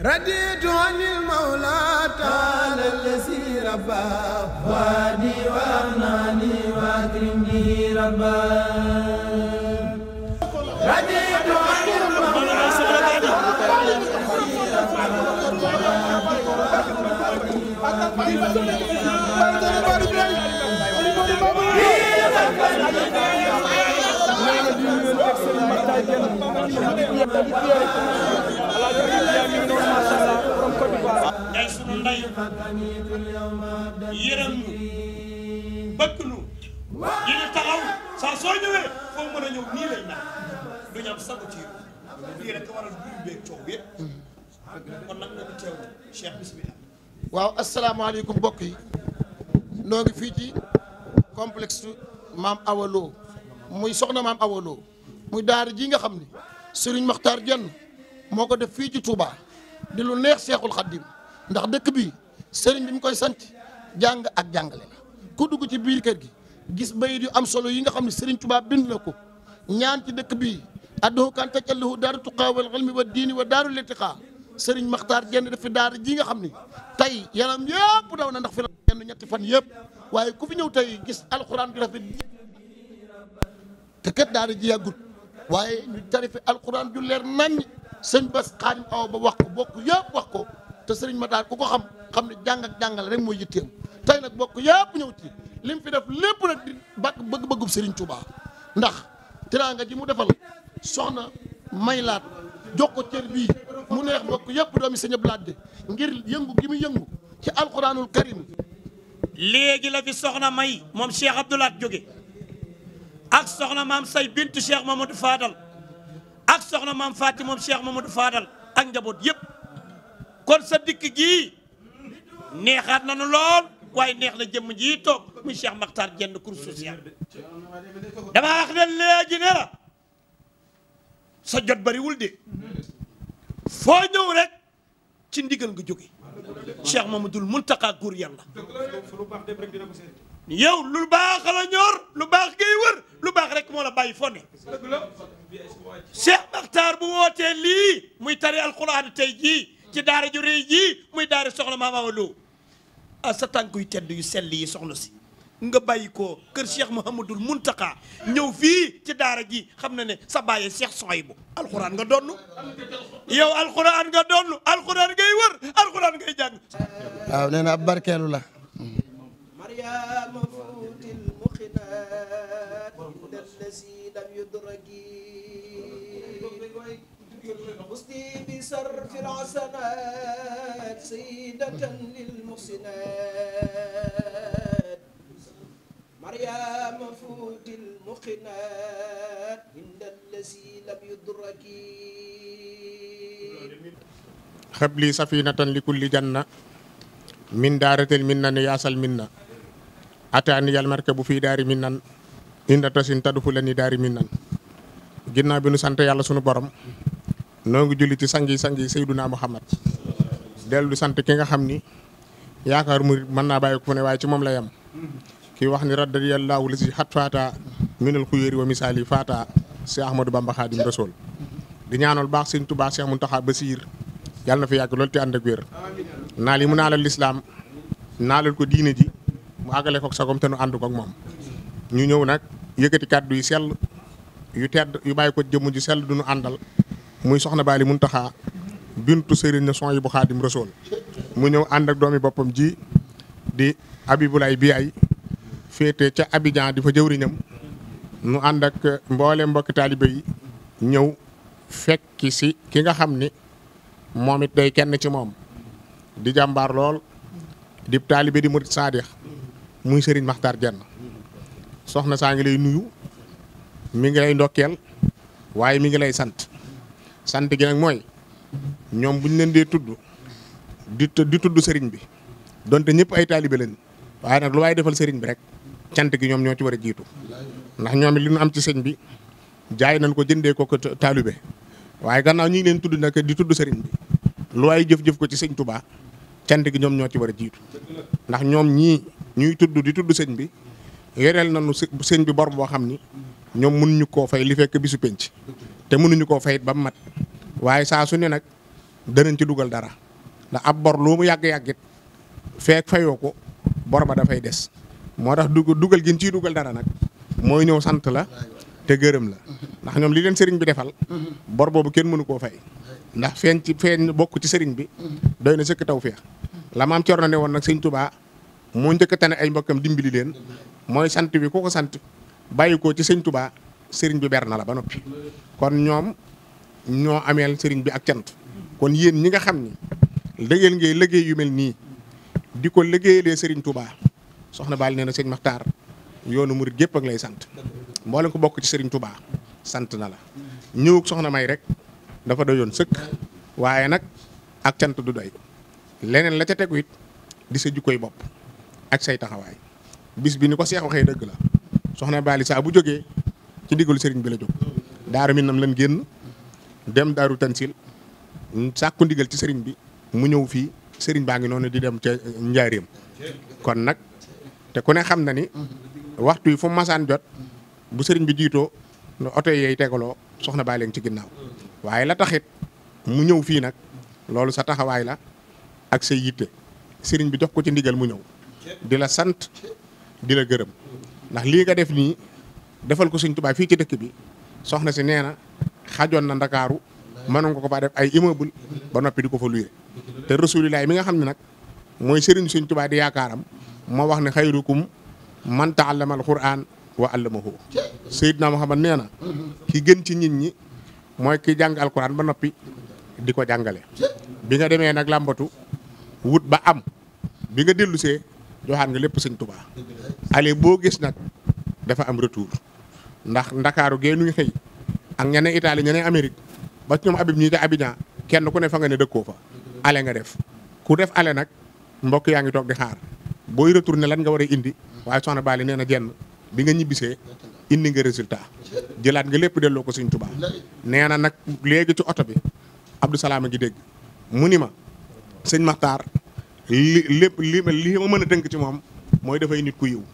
رضيت عن المولى تعالى الذي ربى وادي وأغناني وأكرمني ربا رضيت عن المولى Thank you. nday sunu nday yërëm ñu bëgg ñu di ñu taxaw saa soo ñëwee foo mën a ñëw nii lay naan du ñu am ci waaw asalaamaaleykum mbokk yi noo ngi fii ci complexe maam Awa muy soxna maam awaloo Lo muy daara ji nga xam ni Serigne Makhtar Diène moo ko def fii ci Touba di lu neex Seexul Xaddim ndax dëkk bi sëriñ bi mu koy sant jàng ak jàngale la ku dugg ci biir kër gi gis bayit yu am solo yi nga xam ne sëriñ Tuubaa bind na ko ñaan ci dëkk bi addohu kan tajallahu daaru tuqaa wal ilmi wa diini wa daaru litiqaa sëriñ Maxtaar Jenn dafa daara ji nga xam ni tey yaram yëpp daw na ndax fi la yenn ñetti fan yëpp waaye ku fi ñëw tey gis alxuraan ju rafet te kat daara ji yàggut waaye ñu tarifi alxuraan ju leer nañ sëñ Bas Xaadim ba wax ko bokk wax ko te sëriñ Matar ku ko xam xam ne jàng jàngal rek mooy yitteem tey nag bokk yëpp ñëw ci lim fi def lépp nag di bàkk bëgg-bëggub sëriñ Touba ndax teraanga ji mu defal soxna may laat ko cër bii mu neex bokk yëpp doomi sëñ Abdou Lahad ngir yëngu gi mu yëngu ci alquranul karim léegi la fi soxna May moom Cheikh Abdou Lahad jóge ak soxna maam say bintu Cheikh Mamadou Fadal ak soxna maam Fatim moom Cheikh Mamadou Fadal ak njaboot yëpp. kon sa dikk ji neexaat na nañu lool waaye neex na jëmm ji toog muy Cheikh Makhtar Diène cour social dama wax ne léegi ne sa jot bariwul de foo ñëw rek ci ndigal nga jóge Cheikh Mamadul Muntaqa góor yàlla yow lu baax la ñor lu baax ngay wër lu baax rek moo la bàyyi fone Cheikh Makhtar bu wootee lii muy tari alquran tey jii ci daara ju rëy jii muy daara soxna Maam Awa Lo a ah, sa tànk yu tedd yu sell yi soxna si nga bàyyi ko kër mu Mouhamadul Muntaka ñëw fii ci daara ji xam na ne sa bàyyee Cheikh Sohaybu alxuraan nga donn yow alxuraan nga donn alxuraan ngay wër alxuraan ngay jàng la أصدي بصرف العسنات سيدة للمحسنات مريم فوت المقنات عند الذي لم يدرك خبلي سفينة لكل جنة من دارة المنن ياسل منا أتاني المركب في دار منن عند تسن تدخلني دار منن ginnaaw bi nu sant yàlla sunu borom noo ngi julli ci sang yi sang yi Seydouna Muhammad dellu sant ki nga xam ni yaakaar mu mën naa bàyyi ko fu ne waaye ci moom la yem kii wax ni radiyallahu la si xat faata minal xuyéeri wa misaali faata si Ahmadou Bamba Xaadim Rasool di ñaanal baax sëñ Tuubaa Seex Muntaxa Basiir yàlla na fi yàgg loolu te ànd ak wér naal yi mu naalal lislaam naalal ko diine ji mu àggale kook sagom te nu ànd ak moom ñu ñëw nag yëkkati kàddu yi sell yu tedd yu bàyyi ko jëmm ji sell du àndal muy soxna Baali taxa bintu Serigne son yi bu Xaadim Rasuul mu ñëw ànd ak doomi boppam ji di Abibulaay Biyaay féete ca Abidjan di fa jëwriñam nu ànd ak mboolem mbokki taalibe yi ñëw fekki si ki nga xam ni moom it day kenn ci moom di jàmbaar lool di taalibe di mu saadix muy Serigne Maxtaar Jenn soxna saa ngi lay nuyu mi ngi lay ndokkeel waaye mi ngi lay sant sant gi nag mooy ñoom bu ñu leen dee tudd di di tudd sëriñ bi donte ñëpp ay taalibe leen waaye nag lu waay defal sëriñ bi rek cant gi ñoom ñoo ci war a jiitu ndax ñoom li ñu ci sëñ bi jaay nañ ko jëndee ko ko taalibe waaye gannaaw ñi ngi leen tudd nag di tudd sëriñ bi lu jëf-jëf ko ci sëñ Touba cant gi ñoom ñoo ci war a jiitu ndax ñoom ñii ñuy tudd di tudd sëñ bi yoreel nañu sëñ bi bor boo xam ni ñoom mun ñu koo fay li fekk bi bisu penc te mënuñu koo fayit ba mu mat waaye saa su nag danañ ci dugal dara ndax ab bor lu mu yàgg-yàggit feek fayoo ko bor ba dafay des moo tax dug dugal gin ciy dugal dara nag mooy ñëw sant la te gërëm la ndax ñoom li leen sëriñ bi defal bor boobu kenn mënu koo fay ndax feeñ ci feeñ bokk ci sëriñ bi doy na sëkk taw feex la maam Cerno ne woon nag sëñ Tuubaa moo njëkk tane ay mbokkam dimbali leen mooy sant bi ku sant bàyyi ko ci sëñ Tuubaa sëriñ bi ber na la ba noppi kon ñoom ñoo ameel sëriñ bi ak cant kon yéen ñi nga xam ni lëggéel ngay liggéey yu mel nii di ko liggéeyalee sëriñ Touba soxna Baal nee na sëñ Maxtaar yoonu murit gépp ak lay sant mboolem ko bokk ci sëriñ Touba sant na la ñëwug soxna May rek dafa doyoon sëkk waaye nag ak cant du doy leneen la ca tegu it di sa koy bopp ak say taxawaay bis bi ni ko seex waxee dëgg la soxna Baali saa bu jógee ci ndigalu sëriñ bi la jóg daaru Minam lan génn dem daaru Tansil sàkku ndigal ci sëriñ bi mu ñëw fii sëriñ baa ngi noonu di dem ca njaareem kon nag te ku ne xam na ni waxtu yi fu masaan jot bu sëriñ bi jiitoo oto yeey tegaloo soxna baa leen ci ginnaaw waaye la taxit mu ñëw fii nag loolu sa taxawaay la ak say yitte sëriñ bi jox ko ci ndigal mu ñëw di la sant di la gërëm ndax lii nga def nii defal ko sëñ Tuubaa fii ci dëkk bi soxna si nee na xajoon na ndakaaru mënoon ko ko faa ay immeuble ba noppi di ko fa luye te rasulilaay mi nga xam ne nag mooy sëriñ sëñ tubaa di yaakaaram moo wax ne xayrukum man taallama alquran wa allamahu sayyidna Muhammad nee na ki gën ci nit ñi mooy ki jàng alquran ba noppi di ko jàngale bi nga demee nag làmbatu wut ba am bi nga dellusee joxaat nga lépp sëñ Tuubaa ale boo gis nag dafa am retour ndax ndakaaru gee nuy xëy ak ñeneen Italie ñeneen Amérique ba ñoom Habib ñuy te Abidjan kenn ku ne fa nga ne dëkkoo fa ale nga def ku def ale nag mbokk yaa ngi toog di xaar booy retourné lan nga waree indi waaye soxna Bally nee na jenn bi nga ñibbisee indi nga résultat jëlaat nga lépp delloo ko Sëriñ Tuubaa nee na nag léegi ci oto bi Abdou Salaam a ngi dégg mu ni ma sëñ Maxtaar li lépp li li ma mën a dënk ci moom mooy dafay nit ku yiw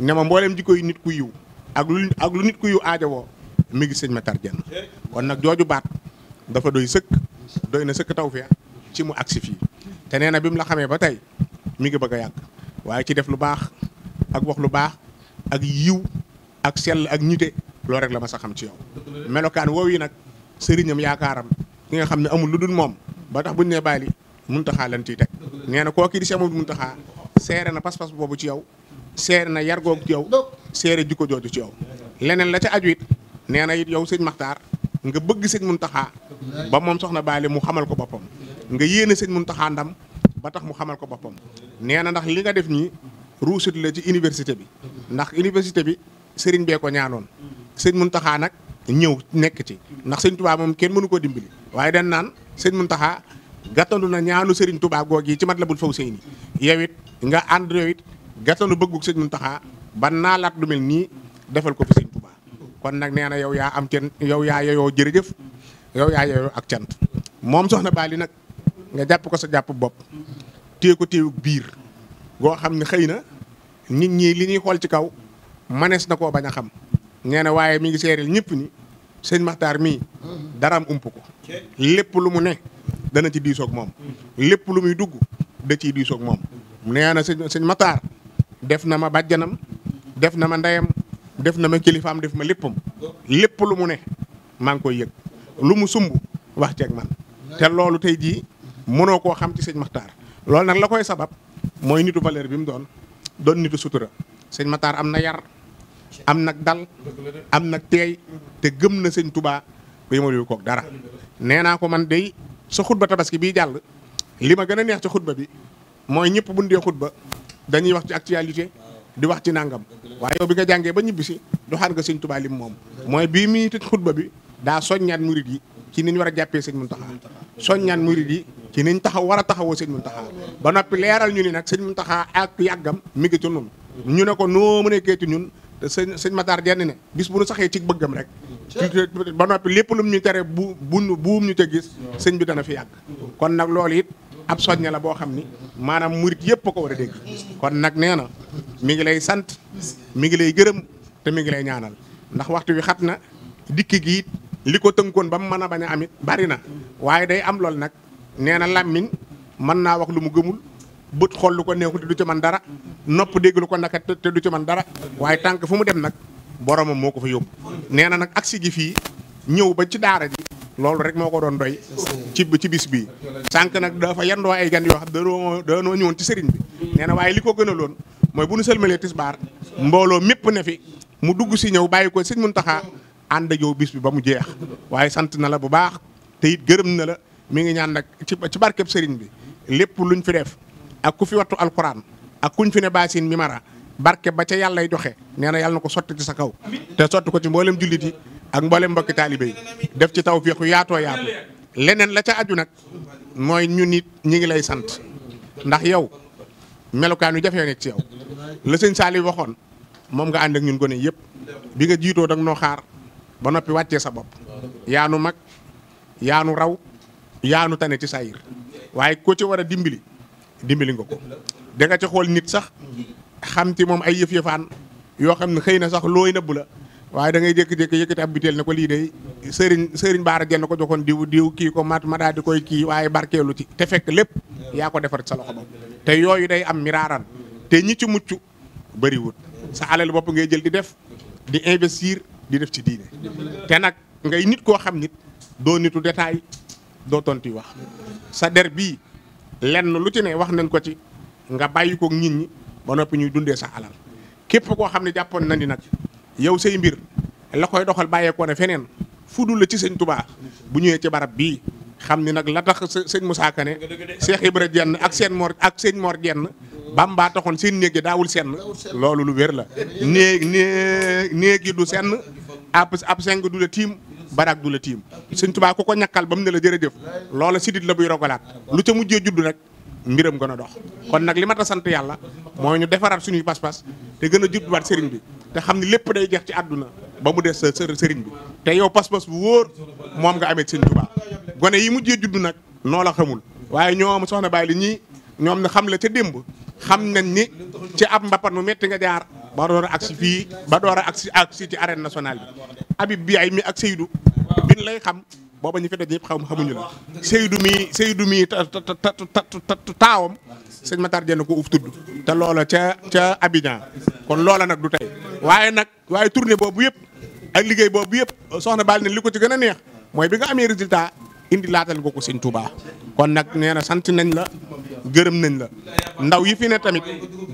ne ma mbooleem jikko ku yiw ak lu ak lu nit ku yu aajowoo mi ngi sëñ Matar Dieng kon nag jooju baat dafa doy sëkk doy na sëkk tawfeex ci mu agsi fii te nee na bi mu la xamee ba tey mi ngi bëgg a yàgg waaye ci def lu baax ak wax lu baax ak yiw ak sell ak ñite loolu rek la ma sa xam ci yow melokaan woow yi nag sëriñam yaakaaram ki nga xam ne amul lu dul moom ba tax buñ ne bàyyi muntaxaa lan ciy teg nee na koo kii di si amul muntaxaa seere na pas-pas boobu ci yow seere na yar googu ci yow seere jikko jooju ci yow leneen la ci aju it nee na it yow sëñ Maxtaar nga bëgg sëñ Muntaxa ba moom soxna Baali mu xamal ko boppam nga yéene sëñ Muntaxa ndam ba tax mu xamal ko boppam nee na ndax li nga def nii ruusut la ci université bi ndax université bi sëriñ bee ko ñaanoon sëñ Muntaxa nag ñëw nekk ci ndax sëñ Tuubaa moom kenn mënu koo dimbali waaye dañ naan sëñ Muntaxa gàttandu na ñaanu sëriñ Tuubaa goog yi ci mat la bul faw sëy ni yow nga ànd gertandu bëggug sëñ Muntaxa ban naalaat lu mel nii defal ko fi sëñ Tuubaa kon nag nee na yow yaa am cant yow yaa yeyoo jërëjëf yow yaa yeyoo ak cant moom soxna Bali nag nga jàpp ko sa jàpp bopp téye ko téewug biir goo xam ne xëy na nit ñi li ñuy xool ci kaw manees na koo bañ a xam nee na waaye mi ngi seeril ñëpp ni sëñ Maxtaar mii daraam ump ko lépp lu mu ne dana ci diisoog moom lépp lu muy dugg da ciy diisoog moom nee na sëñ sëñ Maxtaar def na ma bàjjanam def na ma ndeyam def na ma kilifaam def ma léppam lépp lu mu ne maa ngi koy yëg lu mu sumb wax ceeg man te loolu tey jii mënoo koo xam ci sëñ Maxtaar loolu nag la koy sabab mooy nitu valeur bi mu doon doon nitu sutura sëñ Maxtaar am na yar am nag dal am nag teey te gëm na sëñ Tubaa ma yëmal koog dara nee naa ko man day sa xutba tabaski bii jàll li ma gën a neex ci xutba bi mooy ñëpp bu ñu xutba dañuy wax ci actualité di wax ci nangam waaye yow bi nga jàngee ba ñibbisi doxaan nga sëñ Tuubaa lim moom mooy bii muy tëj xutba bi daa soññaat murid yi ci niñ war a jàppee sëñ Muntaxa soññaat murid yi ci niñ taxaw war a taxawoo sëñ Muntaxa ba noppi leeral ñu ni nag sëñ Muntaxa ak yàggam mi ngi ci ñun ñu ne ko noo mu nekkee ci ñun te sëñ sëñ Matar jenn ne bis bu nu saxee ci bëggam rek ba noppi lépp lum ñu tere bu bu buum ñu te gis sëñ bi dana fi yàgg kon nag loolu it ab soññe la boo xam ni maanaam murit yëpp ko war a dégg kon nag nee na mi ngi lay sant mi ngi lay gërëm te mi ngi lay ñaanal ndax waxtu wi xat na dikk gi it li ko tënkoon ba mu mën a bañ a amit bari na waaye day am lool nag nee na làmmiñ mën naa wax lu mu gëmul bët xool ko neexul te du ci man dara nopp dégg ko naka te du ci man dara waaye tànk fu mu dem nag boromam moo ko fa yóbbu nee nag agsi gi fii ñëw ba ci daara ji loolu rek moo ko doon doy ci ci bis bii sànq nag dafa yandoo ay gan yoo xam danoo danoo ñëwoon ci sëriñ bi nee waaye li ko gën a loon mooy bu nu sëlmalee tisbaar mbooloo mépp ne fi mu dugg si ñëw bàyyi ko sëñ taxa ànd ak yow bis bi ba mu jeex waaye sant na la bu baax te it gërëm na la mi ngi ñaan nag ci ci barkeb sëriñ bi lépp luñ fi def ak ku fi wattu alquran ak kuñ fi ne baasin mi mara barke ba ca yàllay joxe nee na yàlla na ko sotti ci sa kaw te ak mboolem mbokki taalibe yi def ci taw féexu yaatoo yaatu leneen la ca aju nag mooy ñun it ñi ngi lay sant ndax yow melukaanu jafee nekk ci yow la sëñ Saali waxoon moom nga ànd ak ñun gone yëpp bi nga jiitoo dag noo xaar ba noppi wàccee sa bopp yaanu mag yaanu raw yaanu tane ci sayir waaye ko ci war a dimbali dimbali nga ko da nga ci xool nit sax xam ci moom ay yëf-yëfaan yoo xam ne xëy na sax looy nëbb la waaye da ngay jékki-jékki yëkkati ab biteel ne ko lii de sëriñ sëriñ baara jenn ko joxoon diw diw kii ko mat ma daal di koy kii waaye barkeelu ci te fekk lépp yaa ko defar sa loxo bopp te yooyu day am miraaran te ñi ci mucc bëriwut sa alal bopp ngay jël di def di investir di def ci diine te nag ngay nit koo xam nit doo nitu détail doo tontu wax sa der bii lenn lu ci ne wax nañ ko ci nga bàyyi ko nit ñi ba noppi ñuy dundee sa alal képp koo xam ne jàppoon na ni yow say mbir la koy doxal bàyyeekoo ne feneen fudul la ci sëñ tubaa bu ñëwee ci barab bii xam ni nag la tax sëñ Moussa Kane Cheikh Ibra Jenn ak seen mor ak sëñ moor jenn Bamba taxoon seen néeg yi daawul senn loolu lu wér la néeg néeg néeg yi du senn ab ab seng du la tiim baraag du la tiim sëñ tubaa ku ko ñakkal ba mu ne la jërëjëf loola sidit la buy rogalaat lu ca mujjee judd rek mbiram gën a dox kon nag li ma ta sant yàlla moo ñu defaraat suñuy pas-pas te gën a jubluwaat sëriñ bi te xam ni lépp day jeex ci àdduna ba mu des sa sëriñ bi te yow pas-pas bu wóor moom nga amee sëñ Tuubaa gone yi mujjee judd nag noo la xamul waaye ñoom soxna Baay li ñii ñoom na xam la ca démb xam nañ ni ci ab mbappat mu metti nga jaar ba door a agsi fii ba door a agsi si ci arène nationale bi Habib bi ay mi ak Seydou bin lay xam booba ñu fi daj yëpp xam xamuñu la Seydou mii Seydou mii ta ta ta ta taawam sëñ Matar Dieng ko uf tudd te loola ca ca Abidjan kon loola nag du tey waaye nag waaye tourne boobu yëpp ak liggéey boobu yëpp soxna Baal ne li ko ci gën a neex mooy bi nga amee résultat indi laatal nga ko sëñ Touba kon nag nee na sant nañ la gërëm nañ la ndaw yi fi ne tamit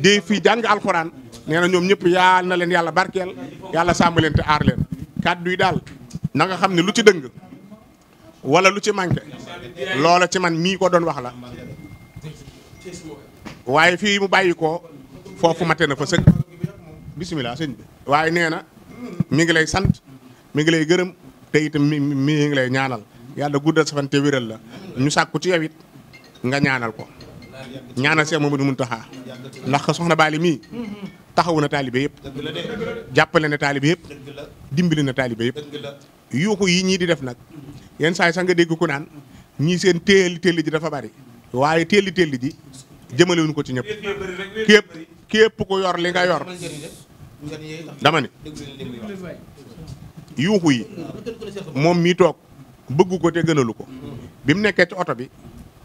dee fii jàng alxuraan nee na ñoom ñëpp yaal na leen yàlla barkeel yàlla sàmm leen te aar leen kàddu yi daal na xam ne lu ci dëng wala lu ci manqué loola ci man mii ko doon wax la waaye fii mu bàyyi ko foofu mate na fa sëg bisimilah sëñ bi waaye nee na mi ngi lay sant mi ngi lay gërëm te itam mi mi ngi lay ñaanal yàlla guddal sa fan te wéral la ñu sàkku ci yow nga ñaanal ko ñaanal Cheikh Mamadou Mountakha ndax soxna Bali mii taxawu na taalibe yëpp jàppale na taalibe yëpp dimbali na taalibe yëpp yuuxu yi ñii di def nag yenn saa yi sax nga dégg ko naan ñii seen téeli téeli ji dafa bari waaye téeli téeli ji jëmalewuñ ko ci ñëpp képp képp ku yor li nga yor dama ne yuuxu yi moom mii toog bëgg ko te gënalu ko bi mu nekkee ci oto bi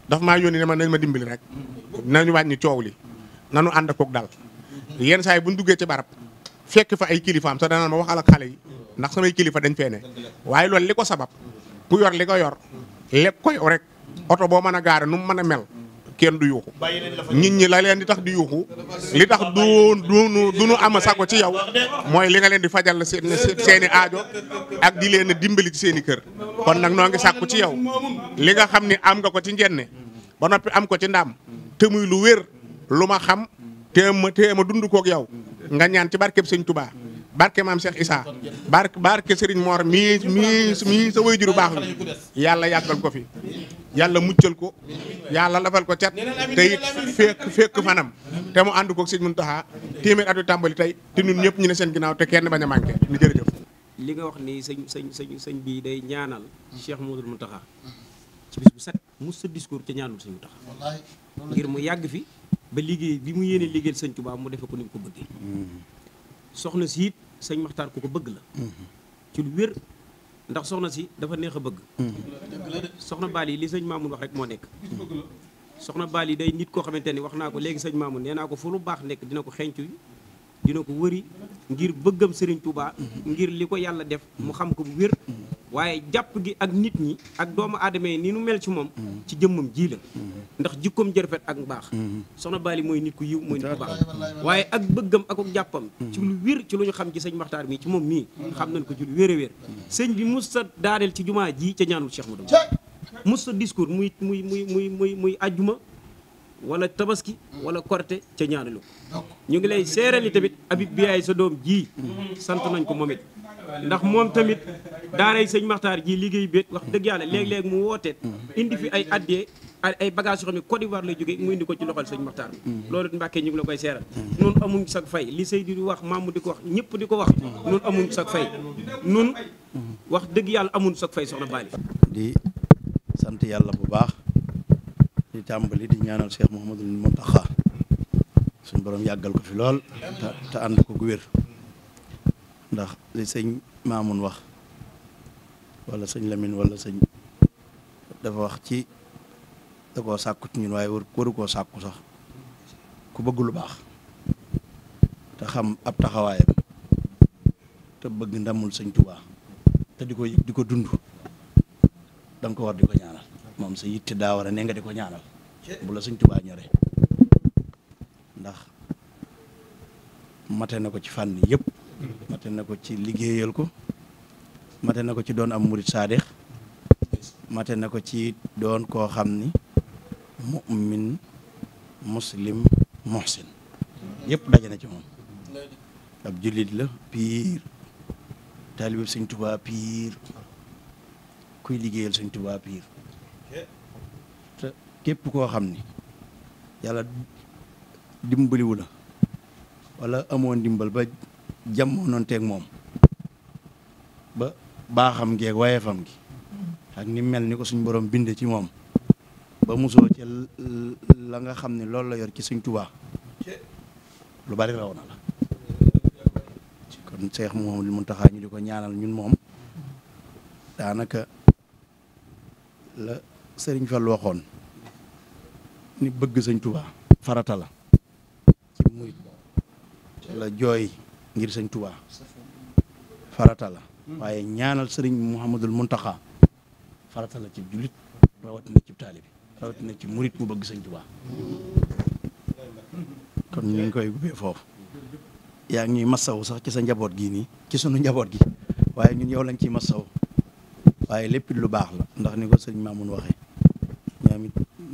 dafa maa yónni ne ma nañ ma dimbali rek nañu wàññi coow li nanu ànd koog dal yenn saa yi bu ñu duggee ci barab fekk fa ay kilifaam sax danaan ma waxal xale yi ndax samay kilifa dañ fee ne waaye loolu li ko sabab ku yor li nga yor lekk koy rek oto boo mën a gaare nu mu mën a mel kenn du yuuxu nit ñi la leen di tax di yuuxu li tax du du du nu ama sago ci yow mooy li nga leen di fajal la seen i aajo ak di leen dimbali ci seen i kër kon nag noo ngi sàkku ci yow li nga xam ni am nga ko ci njenne ba noppi am ko ci ndam te muy lu wér lu ma xam te téema téema dund koog yow nga ñaan ci barkeb sëñ tubaa barke maam Cheikh Issa barke barke Serigne Mor mii mii mii sa wayjuru baax wi yàlla yàggal ko fi yàlla muccal ko yàlla lafal ko cat te it fekk fekk fanam te mu ànd ko Serigne Mountakha téeméer atu tàmbali tey te ñun ñëpp ñu ne seen ginaaw te kenn bañ a manqué ñu jërëjëf. li nga wax nii sañ sëñ sëñ sëñ bii day ñaanal Cheikh Modou Mountakha ci taxa bu set mu sa discours ca ñaanul sëñ Mountakha ngir mu yàgg fi ba liggéey bi mu yéene liggéey sañ Touba mu defe ko ni mu ko bëggee mm-hmm. soxna si sëñ Maxtaar ku ko bëgg la ci lu wér ndax soxna si dafa neex a bëgg soxna baal yi li sañ Maamun wax rek moo nekk soxna baal yi day nit koo xamante ni wax naa ko léegi sëñ Maamun nee naa ko fu lu baax nekk dina ko xencu dina ko wëri ngir bëggam Serigne Touba ngir li ko yàlla def mu xam ko bu wér waaye jàpp gi ak nit ñi ak doomu aadama yi ni nu mel ci moom ci jëmmam jii la ndax jikkoom jërfet ak mbaax soxna Bali mooy nit ku yiw mooy nit ku baax waaye ak bëggam ak ak jàppam ci lu wér ci lu ñu xam ci sëñ Maxtaar mii ci moom mii xam nañ ko ci lu wér wér sëñ bi mos sa daadeel ci jumaa ji ca ñaanul Cheikh Madou mos sa discours muy muy muy muy muy muy ajjuma wala tabaski wala korte ca ñaanalu ñu ngi lay seeral yi tamit bi Biaye sa doom jii sant nañ ko moom it ndax moom tamit daaray sëñ Maxtaar ji liggéey bi wax dëgg yàlla léeg-léeg mu woote indi fi ay addee ay bagage yoo xam ne Côte d'Ivoire lay jógee mu indi ko ci loxol sëñ Maxtaar loolu Mbàkke ñu ngi la koy seeral nun amuñ sag fay li sëy di wax maamu di ko wax ñëpp di ko wax nun amuñ sag fay nun wax dëgg yàlla amuñ sag fay soxna Bali di sant yàlla bu baax di tàmbali di ñaanal Cheikh Mouhamadoul Mountakha suñ boroom yàggal ko fi lool te ànd ko gu wér ndax li sëñ Maamun wax wala sëñ Lamine wala sëñ dafa wax ci da koo sàkku ci ñun waaye waru koo sàkku sax ku bëgg lu baax te xam ab taxawaayam te bëgg ndamul sëñ Tuubaa te di ko di ko dund da ko war di ko ñaanal moom sa te daa war a ne nga di ko ñaanal bu la sëñ ñore mate na ko ci fànn yëpp mate na ko ci liggéeyal ko mate na ko ci doon am murit saadix mate na ko ci doon koo xam ni mu'min muslim muhsin yëpp daje na ci moom ab jullit la piir taalibe sëñ Tuubaa piir kuy liggéeyal sëñ Tuubaa piir képp koo xam ni yàlla dimbaliwu la wala amoo ndimbal ba jamononteeg moom ba baaxam geeg wayefam gi ak ni mel ni ko suñ borom binde ci moom ba musoo ci la nga xam ne loolu la yor ci suñ tubaa lu bari raw na la kon Seex Muhammadul Muntaxa ñu di ko ñaanal ñun moom daanaka la sëriñ Fall waxoon ni bëgg sëñ tubaa farata la la jooy ngir sëñ Touba farata la waaye ñaanal sëriñ Mouhamadul Muntaxa farata la ci jullit rawatina ci taalibe rawatina ci murit mu bëgg sëñ Touba kon ñu ngi koy ubbee foofu yaa ngi ñuy massaw sax ci sa njaboot gi nii ci sunu njaboot gi waaye ñun yow lañ ci massaw waaye lépp lu baax la ndax ni ko sëriñ Mamoun waxee ñoom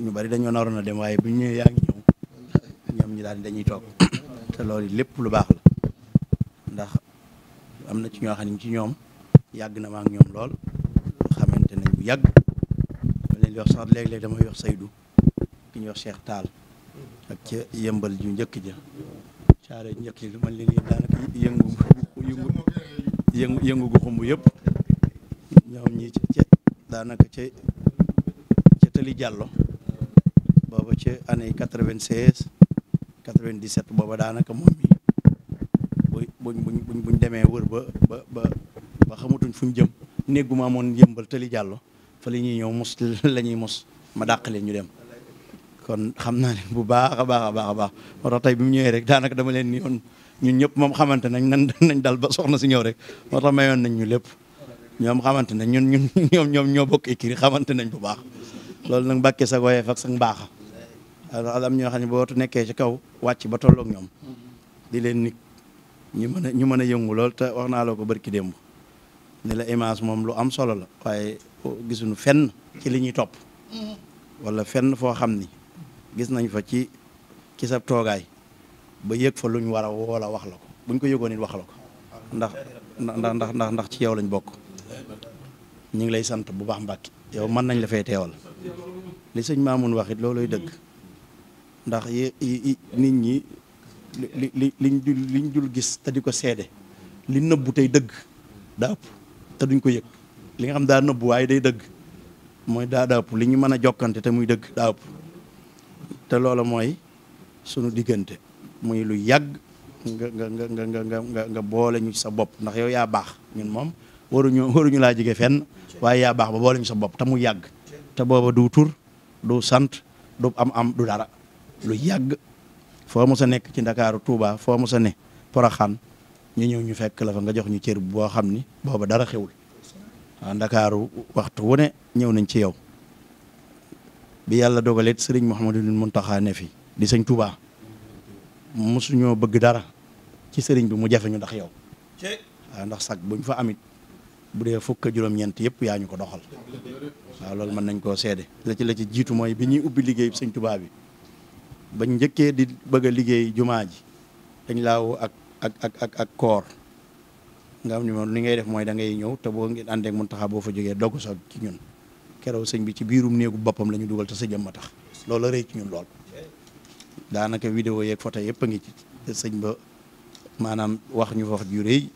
ñu bari dañoo naroon a dem waaye bu ñu yaa ngi ñëw ñoom ñu daal dañuy toog te loolu lépp lu baax la ndax am na ci ñoo xam ne ci ñoom yàgg na ma ak ñoom lool xamante nañ bu yàgg ma leen di wax sax léeg-léeg damay wax Seydou ki ñuy wax Cheikh Tall ak ca yëmbal ju njëkk ja caare ju njëkk ja man daanaka yëngu yëngu yëngu gu xumb yëpp ñoom ñi ca daanaka ca ca Tali Jàllo booba ca année quatre-vingt-seize 97 booba daanaka moom mi buñ buñ buñ buñ demee wër ba ba ba ba xamatuñ fu ñu jëm néeguma amoon yëmbal tëli jàllo fa la ñuy ñëw mos la ñuy mos ma dàq leen ñu dem kon xam naa leen bu baax a baax a baax a baax moo tax tey bi mu ñëwee rek daanaka dama leen ni ñun ñëpp moom xamante nañ nan nañ dal ba soxna si ñëw rek moo tax mayoon nañ ñu lépp ñoom xamante nañ ñun ñun ñoom ñoom ñoo bokk écrit xamante nañ bu baax loolu nag Mbàkke sa woyeef ak sa baax am ñoo xam ne boo nekkee ci kaw wàcc ba tolloog ñoom mm-hmm. di leen nit ñu mën a yëngu lool te wax naa loo ko barki démb ni la image moom lu am solo la waaye gisuñu fenn ci li ñuy topp mm-hmm. wala fenn foo xam ni gis nañ fa ci ci sa toogaay ba yëg fa luñ war a woola wax la ko buñ ko yëgoo it wax la ko ndax ndax ndax ndax ndax ci yow lañ bokk ñu ngi lay sant bu baax Mbàkke yow mën nañ la fee teewal li sëñ Maamun wax loolu looluy dëgg ndax yi nit ñi li liñ liñ jul gis te di ko seede li nëbbu tey dëgg daa ëpp te duñ ko yëg li nga xam daa nëbbu waaye day dëgg mooy daa daa ëpp li ñu mën a jokkante te muy dëgg daa ëpp te loola mooy sunu diggante muy lu yàgg nga nga nga nga nga nga boole ñu sa bopp ndax yow yaa baax ñun moom waruñu ñu laa jige fen waaye yaa baax ba boole ñu sa bopp te mu yàgg te booba du tur du sant du am am du dara lu yàgg foo mu a nekk ci ndakaaru Touba foo mu sa ne Porokhane ñu ñëw ñu fekk la fa nga jox ñu cër boo xam ni booba dara xewul waaw ndakaaru waxtu wu ne ñëw nañ ci yow bi yàlla dogalit sëriñ Mouhamadul Mountakha ne fi di sëñ Touba bëgg dara ci sëriñ bi mu jafe ñu ndax yow waaw ndax sag buñ fa amit bu dee fukk juróom-ñeent yëpp yaa ñu ko doxal waaw loolu mën nañ koo seede la ci la ci jiitu mooy bi ñuy ubbi liggéey sëñ Touba bi bañ njëkkee di bëgga liggéey jumaa ji dañ laaw ak ak ak ak ak koor nga xam ne moom li ngay def mooy da ngay ñëw te boo ngeen àndeek mun taxaa boo fa jógee dogg sa ci ñun keroog sëñ bi ci biirum néegu boppam la ñu dugal te sa jëmm a loola rëy ñun lool daanaka yeeg photo yëpp a ngi ci sëñ ba maanaam wax ñu wax ju rëy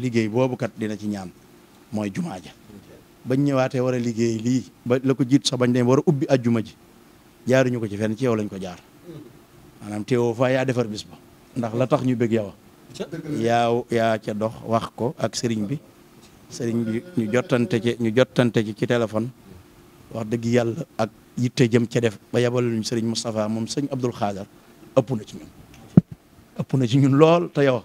liggéey boobu kat dina ci ñaan mooy jumaa ja bañ ñëwaatee war a liggéey lii ba la ko jiit sax bañ dañ war a ubbi ajjuma ji jaaruñu ko ci fenn ci yow lañ ko jaar maanaam teewoo fa yaa defar bis ndax la tax ñu bëgg yow yaa yaa ca dox wax ko ak sëriñ bi sëriñ bi ñu jottante ci ñu jottante ci ci téléphone wax dëgg yàlla ak yitte jëm ca def ba yabal sëriñ Moustapha moom sëñ Abdul Xaadar ëpp na ci ñun ëpp na ci ñun lool te yow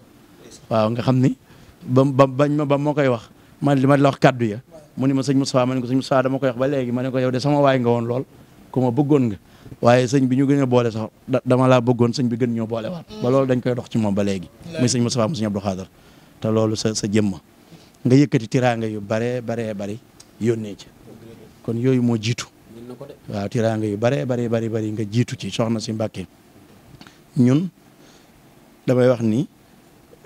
waaw nga xam ni ba ba bañ ma ba moo koy wax man li ma la wax kàddu ya mu ni ma sëñ Moustapha ma ne ko sëñ Moustapha dama koy wax ba léegi ma ne ko yow de sama waay nga woon lool ku ma bëggoon nga waaye sëñ bi ñu gën a boole sax dama laa bëggoon sëñ bi gën ñoo boole waat ba loolu dañ koy dox ci moom ba léegi muy sëñ Moustapha mu sëñ Abdou Khadar te loolu sa sa jëmma nga yëkkati tiraanga yu baree baree bari yónnee ci kon yooyu moo jiitu waaw yu baree bari bari bari nga jiitu ci soxna si Mbàkke ñun damay wax ni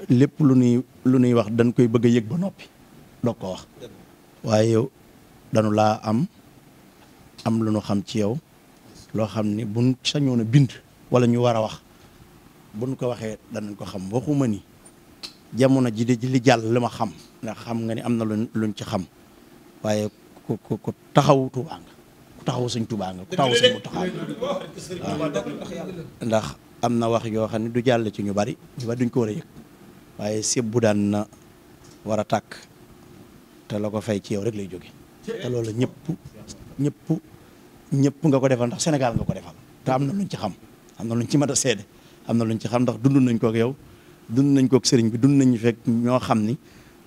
lépp lu nuy lu nuy wax dañ koy bëgg a yëg ba noppi doog ko wax waaye yow dañu laa am am lu nu xam ci yow loo xam ne buñ sañoon na bind wala ñu war a wax buñ ko waxee danañ ko xam waxuma ni jamono ji di li jàll li ma xam ndax xam nga ni am na luñ luñ ci xam waaye ku ku ku taxaw Tuubaa nga ku taxaw Sëñ Tuubaa nga ku taxaw Sëñ Muntaxaa ndax am na wax yoo xam ne du jàll ci ñu bari ñu bari duñ ko war a yëg waaye sëb bu daan na war a tàkk te la ko fay ci yow rek lay jóge te loolu ñëpp ñëpp nga ko defal ndax Sénégal nga ko defal te am na luñ ci xam am na luñ ci mën a seede am na luñ ci xam ndax dund nañ ko ak yow dund nañ ko ak sëriñ bi dund nañu fekk ñoo xam ni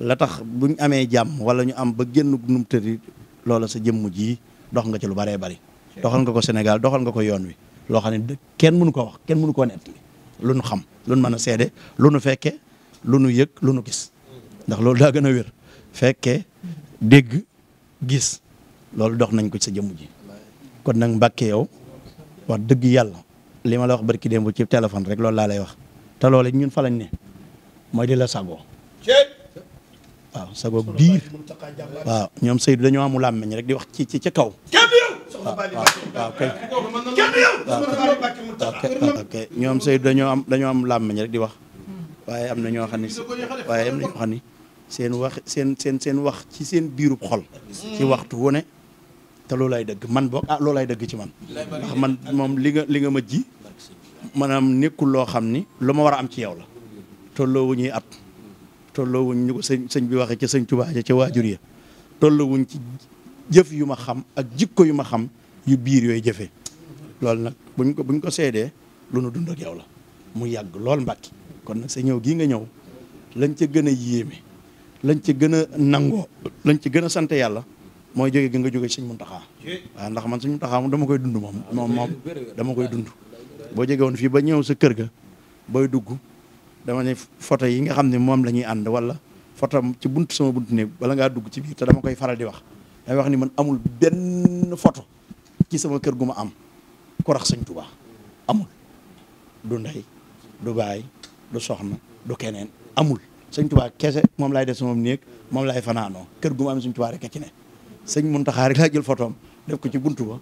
la tax bu ñu amee jàmm wala ñu am ba génn num tëri loola sa jëmm ji dox nga ci lu baree bari doxal nga ko Sénégal doxal nga ko yoon wi loo xam ne kenn mënu ko wax kenn mënu koo nett lu nu xam lu nu mën a seede lu nu fekke lu nu yëg lu nu gis ndax loolu daa gën a wér fekke dégg gis loolu dox nañ ko ci sa ji kon nag Mbàkke yow wax dëgg yàlla li ma la wax barki démb ci téléphone rek lool laa lay wax te loolu ñun falañ ne mooy di la sagoo waaw sagoo biir waaw ñoom Seydou dañoo amul làmmiñ rek di wax ci ci ca kaw. ñoom Seydou dañoo am dañoo am làmmiñ rek di wax waaye am na ñoo am na ñoo xam seen wax seen seen wax ci seen biirub xol ci waxtu wu te loolay dëgg man boog ah loolay dëgg ci man ndax man moom li nga li nga ma ji maanaam nekkul loo xam ni lu ma war a am ci yow la tolloo wu ñuy at tolloo wuñ ñu ko sëñ sëñ bi waxee ca sëñ Tuubaa ca waajur ya tolloo wuñ ci jëf yu ma xam ak jikko yu ma xam yu biir yooyu jëfee loolu nag buñ ko buñ ko seedee lu nu dund ak yow la mu yàgg lool mbàkki kon nag sa ñëw gii nga ñëw lañ ca gën a yéeme lañ ci gën a nangoo lañ ci gën a sant yàlla mooy jóge gi nga jóge sëñ Muntaxa waa ndax man sëñ Muntaxa moom dama koy dund moom ah, moom moom dama koy ah. dund boo jóge woon fii ba ñëw sa kër ga booy dugg dama ne photo yi nga xam ne moom la ñuy ànd wala foto ci bunt sama bunt néeg bala ngaa dugg ci biir dama koy faral di wax damay wax ni man amul benn photo ci sama kër gu ma am ku rax sëñ Tuubaa amul du ndey du baay du soxna du keneen amul sëñ Tuubaa kese moom laay def sama néeg moom lay fanaanoo kër gu ma am sëñ Tuubaa rek ci ne sëñ Muntaxa rek laa jël photoom def ko ci buntu ba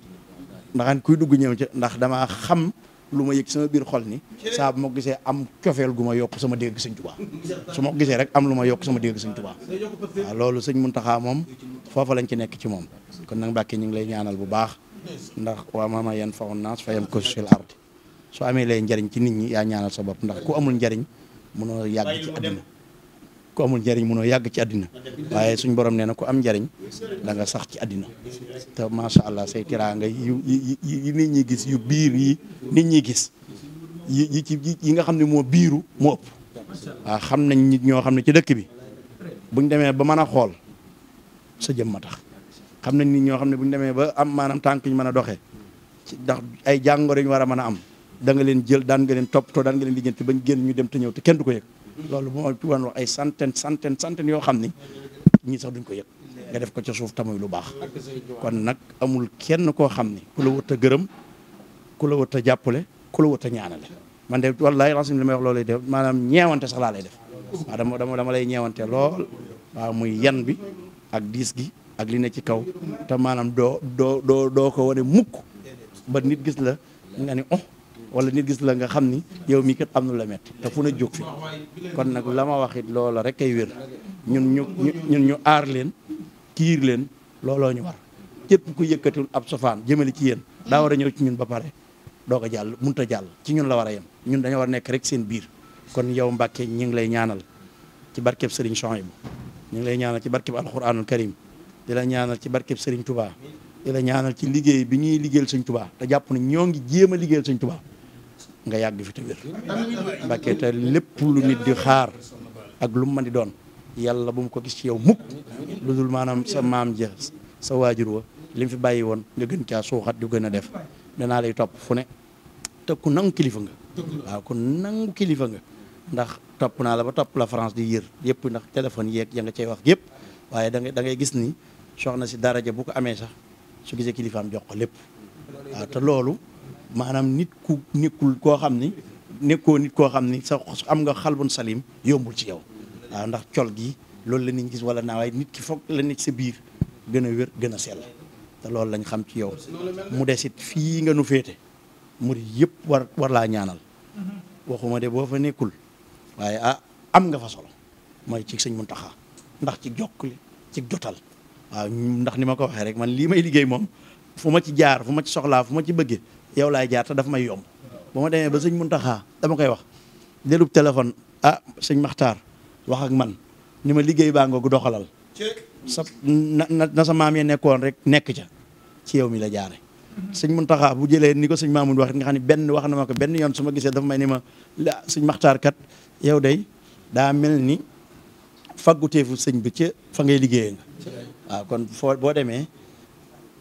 ndaxaan kuy dugg ñëw ci ndax dama xam lu ma yëg sama biir xol ni saa bu ma gisee am cofeel gu ma yokk sama dégg sëñ Tuubaa su ma gisee rek am lu ma yokk sama dégg sëñ Tuubaa waaw loolu sëñ Muntaxa moom foofa lañ ci nekk ci moom kon nag Mbàkke ñu ngi lay ñaanal bu baax ndax waa maama yan fawoon naas fa yam ko sil ardi soo amee lay njariñ ci nit ñi yaa ñaanal sa bopp ndax ku amul njariñ munoo yàgg ci àddina ku amul njariñ munoo yàgg ci àddina waaye suñ borom nee na ku am njariñ danga sax ci àddina te macha allah say tiraanga yi nit ñi gis yu biir yi nit ñi gis yi yi ci yi nga xam ne moo biiru moo ëpp waaw xam nañ nit ñoo xam ne ci dëkk bi buñ demee ba mën a xool sa jëm ma tax xam nañ nit ñoo xam ne buñ demee ba am maanaam tànk ñu mën a doxee ndax ay jàngoro ñu war a mën a am da nga leen jël daan nga leen toppatoo daan nga leen lijjanti bañ génn ñu dem te ñëw te kenn du ko yëg loolu bu ma wax ay centaine centaine centaine yoo xam ni ñii sax duñ ko yëg nga def ko ca suuf tamuy lu baax kon nag amul kenn koo xam ni ku la gërëm ku la wut a jàppale ku la wut a ñaanale man de wallaahi rasim li may wax loolu lay def maanaam ñeewante sax laa lay dama dama lay ñeewante lool waaw muy yan bi ak diis gi ak li ne ci kaw te maanaam doo doo doo doo ko wane mukk ba nit gis la nga ni oh wala nit gis la nga xam ni yow mii kat am na la metti te fu na jóg fi kon nag la ma wax it loola rek ay wér ñun ñu ñun ñu aar leen kiir leen looloo ñu war képp ku yëkkatul ab sofaan jëmale ci yéen daa war a ñëw ci ñun ba pare doo ko jàll munta jàll ci ñun la war a yem ñun dañoo war a nekk rek seen biir kon yow mbakkee ñu ngi lay ñaanal ci barkeb Serigne Chouaïbou ñu ngi lay ñaanal ci barkeb alxuraanul karim di la ñaanal ci barkeb Serigne Touba di la ci liggéey bi ñuy liggéeyal Serigne Touba te jàpp na ñoo ngi jéem a liggéeyal Serigne Touba nga yàgg fi te wér Mbàkke lépp lu nit di xaar ak lu mu mën di doon yàlla bu mu ko gis ci yow mukk lu dul maanaam sa maam ja sa waajur wa lim fi bàyyi woon nga gën caa suuxat du gën a def danaa lay topp fu ne te ku nangu kilifa nga waaw ku nangu kilifa nga ndax topp naa la ba topp la France di yër yëpp ndax téléphone yeeg ya nga cay wax yëpp waaye da nga da ngay gis ni soxna si daraja bu ko amee sax su gisee kilifaam jox ko lépp waaw te loolu maanaam nit ku nekkul koo xam ni nekkoo nit koo xam ni sa am nga xalbun salim yombul ci yow waaw ndax col gi loolu la ñuy gis wala naa nit ki foog la nekk sa biir gën wér gën a sell te loolu lañ xam ci yow mu desit fii nga nu féete mu yëpp war war laa ñaanal waxuma de boo fa nekkul waaye a ah, am nga fa solo mooy ci sëñ Muntaxa ndax ci jokkli ci jotal waaw ndax ni ma ko waxee rek man lii may liggéey moom fu ma ci jaar fu ma ci soxlaa fu ma ci bëggee yow laay jaar te daf may yomb ba ma demee ba sëñ taxaa dama koy wax delub téléphone ah sëñ Maxtaar wax ak man ni ma liggéey baa nga gu doxalal sa na na sa maam ya nekkoon rek nekk ca ci yow mi la jaare sëñ Muntaxa bu jëlee ni ko sëñ Maamun wax nga xam ne benn wax na ma ko benn yoon su ma gisee dafa may ni ma la sëñ Maxtaar kat yow day daa mel ni fagguteefu sëñ bi ca fa ngay liggéeyee nga waaw kon foo boo demee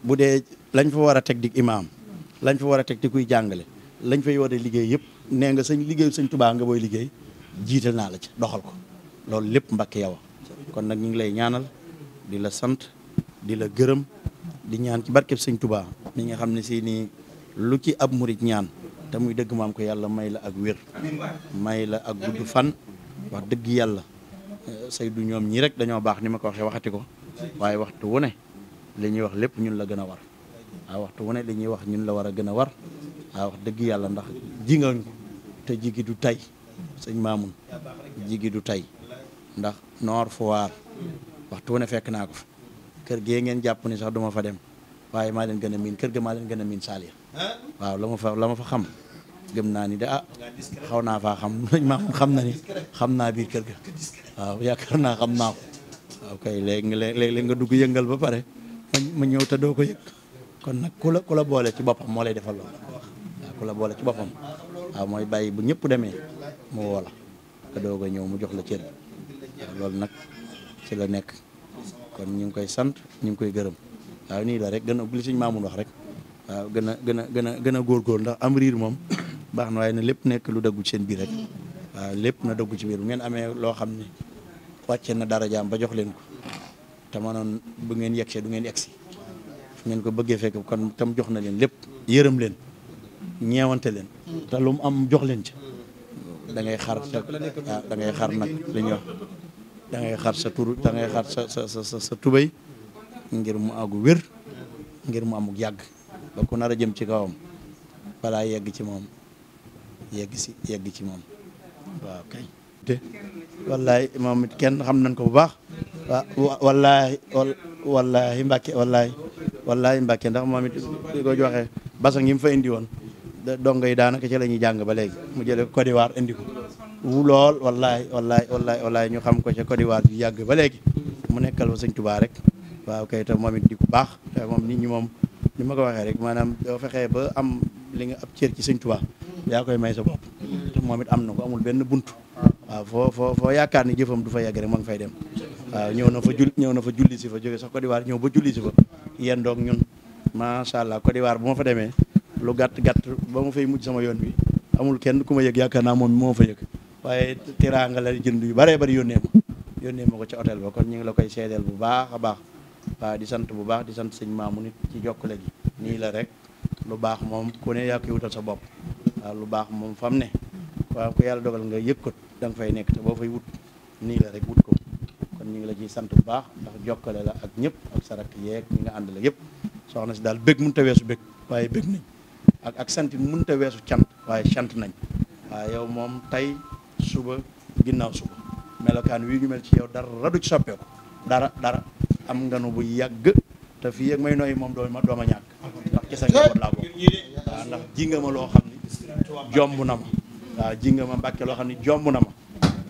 bu dee lañ fa war a teg dig imaam lañ fa war a teg te kuy jàngale lañ fay war a liggéey yëpp nee nga sëñ liggéeyu sëñ Tuubaa nga booy liggéey jiital naa la ci doxal ko loolu lépp mbakki yow kon nag ñu ngi lay ñaanal di la sant di la gërëm di ñaan ci barkeb sëñ tubaa mi nga xam ne si nii lu ci ab murit ñaan te muy dëgg maam ko yàlla may la ak wér may la ak gudd fan wax dëgg yàlla eh, say du ñoom ñii rek dañoo baax ni ma ko waxee waxati ko waaye waxtu wu ne li ñuy wax lépp ñun la gën a war waaw waxtu wu ne li ñuy wax ñun la war a gën a war waaw wax dëgg yàlla ndax jinga nga te jigi du tay sëñ Maamun jigi du tay ndax noor fowaar waxtu wu ne fekk naa ko fa kër gee ngeen jàpp ni sax duma fa dem waaye maa leen gën a miin kër ga maa leen gën a miin Saliya waaw la fa la ma fa xam gëm naa ni de ah xaw naa fa xam sëñ Maamun xam na xam naa biir kër ga waaw yaakaar naa xam naa ko waaw kay léegi léeg-léeg nga dugg yëngal ba pare ma ñëw te doo ko yëg kon nag ku la ku la boole ci boppam moo lay defal loolu waaw ku la boole ci boppam waaw mooy bàyyi bu ñëpp demee mu woo la nga a ñëw mu jox la cër waaw loolu nag ci la nekk kon ñu ngi koy sant ñu ngi koy gërëm waaw nii la rek gën a li suñ maamun wax rek waaw gën a gën a gën a gën a ndax am riir moom baax na waaye na lépp nekk lu daggu ci seen biir rek waaw lépp na daggu ci biir bu ngeen amee loo xam ne wàcce na dara jaam ba jox leen ko te manoon bu ngeen yegsee du ngeen yegsi ngeen ko bëggee fekk kon tam jox na leen lépp yërëm leen ñewante leen te lu mu am jox leen ci da ngay xaar sa ah, da nag li ñuy wax sa tur sa tubéy ngir mu àggu wér ngir mu amuk yàgg ba ku a jëm ci kawam balaa yegg ci moom yegg si yegg ci moom waaw kay te moom it kenn xam nañ ko bu baax waaw wallaahi wallaahi wallaay Mbàkke ndax moom it joxe ko joxee basang mu fa indi woon dongo yi daanaka ca la ñuy jàng ba léegi mu jële Côte d'Ivoire indi ko wu lool wallaay wallaay wallaay wallaay ñu xam ko ca Côte d'Ivoire yu yàgg ba léegi mu nekkal fa sëñ tubaa rek waaw kay te moom it baax moom nit ñi moom ni ma ko waxee rek maanaam doo fexee ba am li nga ab cër ci sëñ Tuubaa yaa koy may sa bopp te moom it am na ko amul benn bunt waaw foo foo foo yaakaar ni jëfam du fa yàgg rek ma ngi fay dem waaw ñëw na fa jul ñëw na fa julli si fa jóge sax Côte d'Ivoire ñëw ba julli si fa yéen doog ñun macha allah Côte d'Ivoire bu ma fa demee lu gàtt gàtt ba ma fay mujj sama yoon bi amul kenn ku ma yëg yaakaar naa moom moo fa yëg waaye teraanga jënd yu bëree bëri yónnee ma yónnee ma ko ca hôtel ba kon ñu ngi la koy seedeel bu baax a baax waaw di sant bu baax di sant sëñ maamu nit ci jokkale ji nii la rek lu baax moom ku ne yaa koy wutal sa bopp waaw lu baax moom fam ne waaw ku yàlla dogal nga yëg ko da fay nekk te boo fay wut nii la rek wut ko kon ñu ngi la ciy sant bu baax ndax jokkale la ak ñëpp ak sarak yeeg ñi nga ànd yëpp soxna si daal bëgg mun ta weesu bëgg waaye bëgg nañ ak ak sant mënut a weesu cant waaye cant nañ waa yow moom tey suba ginnaaw suba melokaan wii ñu mel ci yow dara du ci soppeeku dara dara am nga nu bu yàgg te fii may nooyi moom doo ma doo ma ñàkk ndax ci sa njaboot laa bokk waaw ndax ji nga loo xam ni jomb na ma waaw ji nga ma mbàkke loo xam ni jomb na ma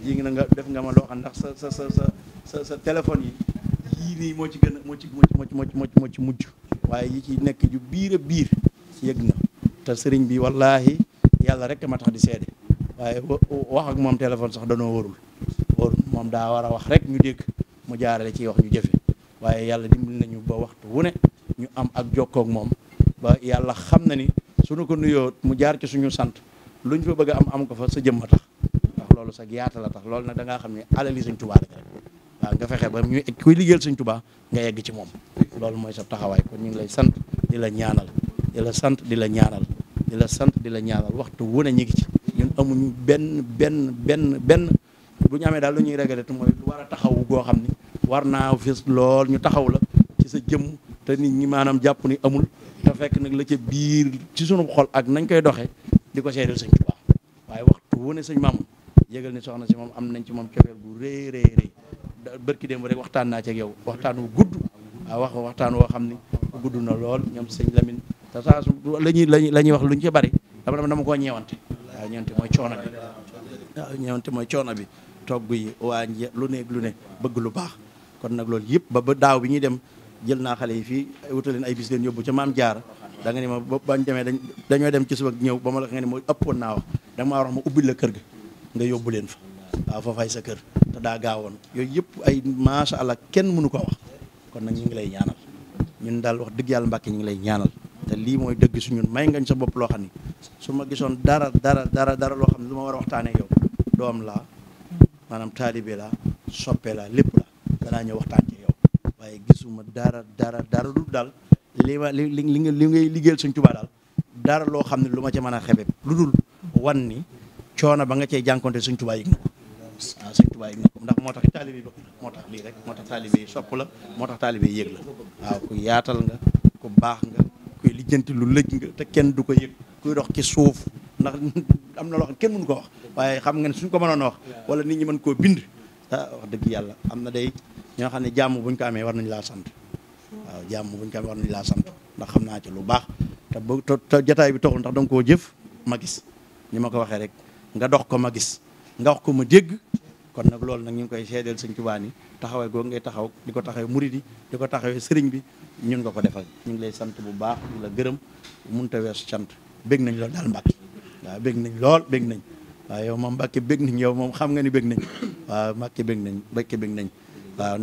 ji nga def nga ma loo xam ndax sa sa sa sa sa sa téléphone yi yii nii moo ci gën a moo ci moo ci moo ci mujj waaye yi ci nekk ju biir a biir yëg na te sëriñ bi wallaahi yàlla rek ma tax di seede waaye wax moom téléphone sax danoo warul moom daa war a wax rek ñu dégg mu jaarale ci wax ñu jëfe waaye yàlla dimbali nañu ba waxtu wu ne ñu am ak jokkoog moom ba yàlla xam na ni suñu ko nuyoo mu jaar ci suñu sant luñ fa bëgg am am ko fa sa jëmm a tax loolu sa yaata la tax loolu nag da xam ne alali Sëriñ Tuubaa waaw nga fexe ba ñu kuy liggéeyal sëñ Tuubaa nga yegg ci moom loolu mooy sa taxawaay kon ñu lay sant di la ñaanal di la sant di la ñaanal di la sant di la ñaanal waxtu wu ne ñu ngi ci ñun amuñu benn benn benn benn bu ñu amee daal lu ñuy regretté mooy lu war a taxawu goo xam ni war naa fis lool ñu taxaw la ci sa jëm te nit ñi maanaam jàpp ni amul te fekk nag la ca biir ci sunu xol ak nañ koy doxee di ko seedeel sañ Tuubaa waaye waxtu wu ne sëñ maam yëgal ni soxna si moom am nañ ci moom cofeel bu bërki démb rek waxtaan naa ci ak yow waxtaan wu gudd waaw wax waxtaan woo xam ni gudd na lool ñoom sëñ Lamine te saa su la ñuy la ñuy wax lu ñu ci bari dama dama koo ñeewante waaw ñeewante mooy coono bi waaw mooy coono bi togg yi waa lu ne lu ne bëgg lu baax kon nag loolu yëpp ba ba daaw bi ñuy dem jël naa xale yi fii ay wutaleen ay bis leen yóbbu ca maam jaara danga nga ne ma ba bañ demee dañ dañoo dem ci suba ñëw ba ma la nga ne mooy ëppoon naa wax da maa wax ma ubbil la kër ga nga yóbbu leen fa waaw fa fay sa kër te daa gaawoon yooyu yëpp ay macha allah kenn mënu ko wax kon nag ñu ngi lay ñaanal ñun daal wax dëgg yàlla Mbàkke ñu ngi lay ñaanal te lii mooy dëgg su ñun may ngañ sa bopp loo xam ni su ma gisoon dara dara dara dara loo xam ne lu ma war a waxtaanee yow doom laa maanaam taalibe laa soppe laa lépp la danaa ñëw waxtaan ci yow waaye gisuma dara dara dara du daal li li nga li ngay liggéeyal Sëñ Tuubaa daal dara loo xam ne lu ma ci mën a xebeb lu dul wan ni coono ba nga cee jànkonte Sëñ Tuubaa yëg waaw ah, sëñ Tuubaa yëg ko ndax moo tax taalibe bi moo tax lii rek moo tax taalibe yi la moo tax taalibe yëg la waaw ku yaatal nga ku baax nga kuy lijjanti lu lëj nga te kenn du ko yëg kuy dox ci suuf ndax am na loo kenn mënu ko wax waaye xam nga ne suñ ko mënoon a wax wala nit ñi mën koo bind ah wax dëgg yàlla am na day ñoo xam ne jàmm buñ ko amee war nañ laa sant jàmm buñ ko amee war nañ laa sant ndax xam naa ci lu baax te ba te jataay bi taxul ndax danga koo jëf ma gis ñi ma ko waxee rek nga dox ko ma gis nga wax ko ma dégg kon nag loolu nag ñu ngi koy seedeel sëñ Tuubaa ni taxawee googu ngay taxaw di ko taxawee murid yi di ko taxawee sëriñ bi ñun nga ko defal ñu ngi lay sant bu baax di la gërëm munta weesu cant bég nañ lool daal waaw bég nañ lool bég nañ waaw yow moom Mbàkke bég nañ yow moom xam nga ni bég nañ waaw Mbàkke nañ Mbàkke bég nañ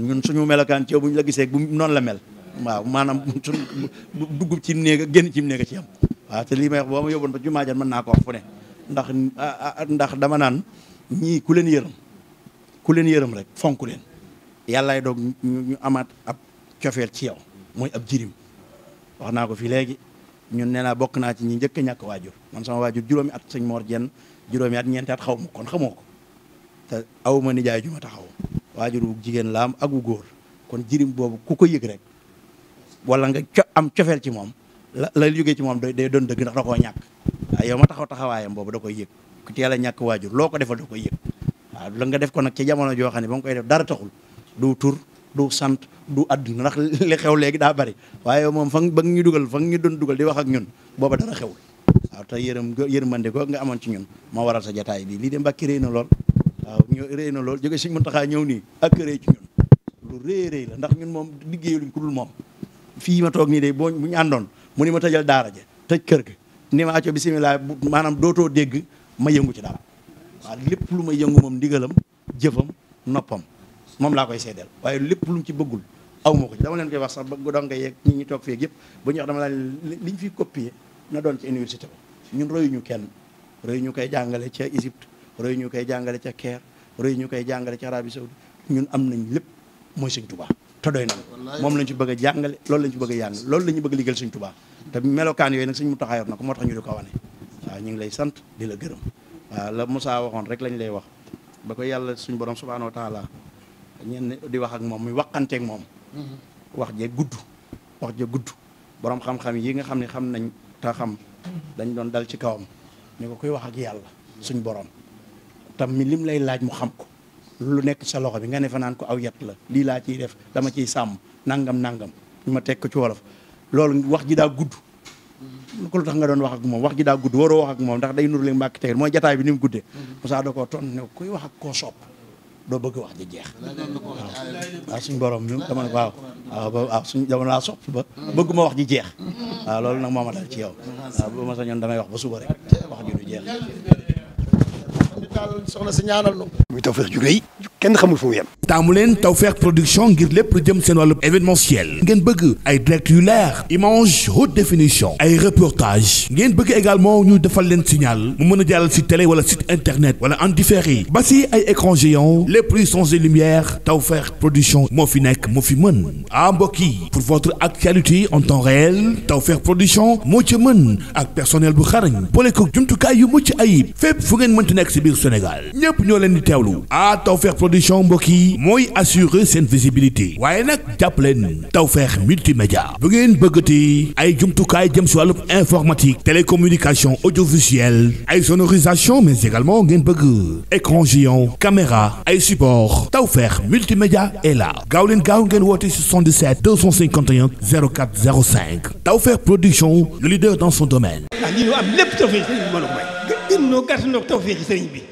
ñun suñu melokaan ci yow bu ñu la gisee bu noonu la mel waaw maanaam suñu dugg ci néeg génn ci néeg ci am waaw te lii may wax boo ma yóbboon ba jumaa ja mën naa ko wax fu ne ndax ah, ah, ndax dama naan ñii ku leen yërëm ku leen yërëm rek fonk leen yàllaay doog ñu amaat ab cofeel ci yow mooy ab jirim wax naa ko fii léegi ñun nee naa bokk naa ci ñu njëkk a ñàkk waajur man sama waajur juróomi at señ moor Jenn juróomi at ñeenti at xaw ma kon xamoo ko te aw ma nijaay ju ma taxaw waajur wu jigéen laam ak wu góor kon jirim boobu ku ko yëg rek wala nga am cofeel ci moom la la jógee ci moom day doon dëgg ndax da koo ñàkk yow ma taxaw taxawaayam boobu da koy yëg ku teel a ñàkk waajur loo ko defal da ko yëg waaw nga def ko nag ci jamono joo xam ne ba koy def dara taxul du tur du sant du àdduna ndax li xew léegi daa bari waaye moom fa ba ñu dugal fa ñu doon dugal di wax ak ñun booba dara xewul waaw te yërëm yërmande ko nga amoon ci ñun moo waral sa jataay bi lii de mbàkki réy na lool waaw ñu réy na lool jóge Sëriñ ñëw nii ak réy ci ñun lu la ndax ñun moom liggéeyuluñ ku dul moom fii ma toog nii de boo bu ñu àndoon mu ni ma tëjal daara ja tëj kër ga ni ma acco bisimilah maanaam dootoo dégg ma yëngu ci dara waaw lépp lu ma yëngu moom ndigalam jëfam noppam moom laa koy seedeel waaye lépp lu ci bëggul aw ma ko ci dama leen koy wax sax bëgg dong yeeg ñi ñi toog fee yëpp bu dama laa li ñu fi copier na doon ci université ñu kenn royu ñu koy jàngale ca Égypte royu ñu koy jàngale ca Caire royu ñu koy jàngale ca Arabie Saoudite ñun am nañ lépp mooy Sëñ Tuubaa te doy moom lañ ci bëgg a jàngale loolu lañ ci bëgg a jàng loolu la ñu bëgg liggéeyal Sëñ Tuubaa te melokaan yooyu nag Sëñ Muntaxaa yor na ko moo tax ñu di ko wane waaw ñu ngi lay sant di la gërëm waa la Moussa waxoon rek lañ lay wax ba ko yàlla suñu borom subhaanahu wa taala ñenn di wax ak moom muy waxanteeg moom. Mm-hmm. wax je gudd wax je gudd boroom xam-xam yi nga xam ne xam nañ te xam mm-hmm. dañ doon dal ci kawam ñu ko koy wax ak yàlla mm-hmm. suñu borom tam mi lim lay laaj mu xam ko. lu nekk sa loxo bi nga ne fa naan ko aw yat la lii laa ciy def dama ciy sàmm nangam nangam ñu ma teg ko ci wolof loolu wax ji daa gudd. ko lu tax nga doon wax ak moom wax ji daa gudd waroo wax ak moom ndax day nuru leen mbàkk tey mooy jataay bi ni mu guddee mhm. Moussa da koo ton ne ko wax ak koo sopp doo bëgg wax ji jeex waaw suñ borom mi dama waaw waaw waaw suñ dama laa sopp ba bëgguma wax ji jeex mhm. a loolu nag moo ma dal ci yow mhm. a bu ma sañoon damay wax ba suba rek wax ji du jeex daal soxna si ñaanal nu muy Tawfekh ju rëy taamu leen Tawfekh production ngir lépp lu jëm seen wàllu événementiel ngeen bëgg ay direct yu leer image haute définition ay reportage ngeen bëgg également ñu defal leen signal mu mën a jàllal si télé wala site internet wala en différé ba si ay écran géant lépp luy changé lumière Tawfekh production moo fi nekk moo fi mën ah mbokk yi pour votre actualité en temps réel Tawfekh production moo ci mën ak personnel bu xarañ boole ko jumtukaay yu mucc ayib nekk si biir Sénégal ñëpp ñoo leen di teewlu ah Tawfekh production mbokk yi mooy assurer seen visibilité waaye nag jàppaleen Tawfekh multimédia bu ngeen bëggati ay jumtukaay jëm si wàllu informatique télécommunication audiovisuelle ay sonorisation mais également ngeen bëgg écran géant caméra ay support Tawfekh multimédia est là gaaw leen gaaw ngeen woote 77 251 04 05 Tawfekh production le leader dans son domaine. Ah, am lépp Tawfekh sëriñ bi mën a may. gën noo gàtt noo bi.